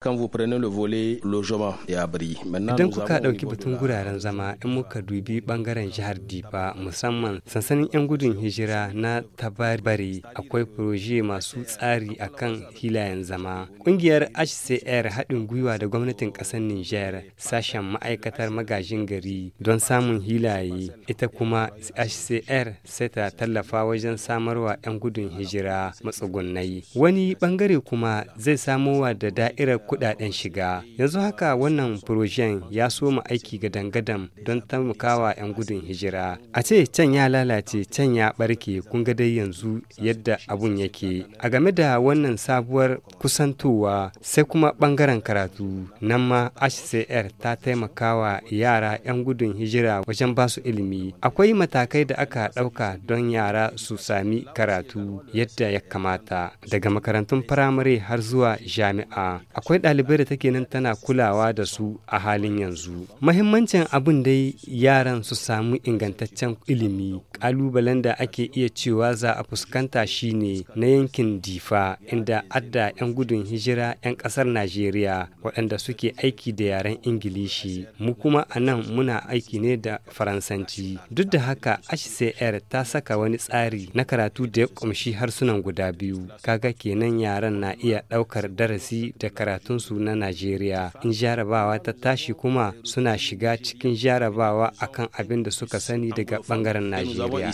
kan vous prenez le volet logement idan kuka dauki batun guraren zama in muka dubi bangaren jihar difa musamman sansanin yan gudun hijira na tabari akwai proje masu tsari akan hilayen zama ƙungiyar hcr haɗin gwiwa da gwamnatin ƙasar niger sashen ma'aikatar magajin gari don samun hilaye ita kuma hcr sai ta tallafa wajen samarwa yan gudun hijira matsugunnai wani bangare kuma zai samowa da da'irar kudaden shiga yanzu haka wannan projen ya soma aiki ga dangadan don taimakawa 'yan gudun hijira a ce can ya lalace can ya barke kun ga dai yanzu yadda abun yake a game da wannan sabuwar kusantowa sai kuma bangaren karatu nan ma hcr ta taimakawa yara 'yan gudun hijira wajen basu ilimi akwai matakai da aka ɗauka don yara su sami karatu yadda ya kamata daga makarantun firamare har zuwa jami'a akwai akwai ɗalibai da take nan tana kulawa da su a halin yanzu mahimmancin abin dai yaran su samu ingantaccen ilimi ƙalubalen da ake iya cewa za a fuskanta ne na yankin difa inda adda 'yan gudun hijira 'yan ƙasar najeriya waɗanda suke aiki da yaren ingilishi mu kuma a nan muna aiki ne da faransanci duk da haka hcr ta saka wani tsari na karatu da ya ƙumshi harsunan guda biyu kaga kenan yaran na iya ɗaukar darasi da karatu su na Najeriya. In jarabawa ta tashi kuma suna shiga cikin jarabawa akan abin da suka sani daga bangaren Najeriya.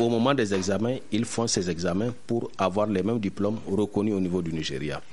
Au moment des examens, ils font ces examens pour avoir les mêmes diplômes reconnus au niveau du Nigeria.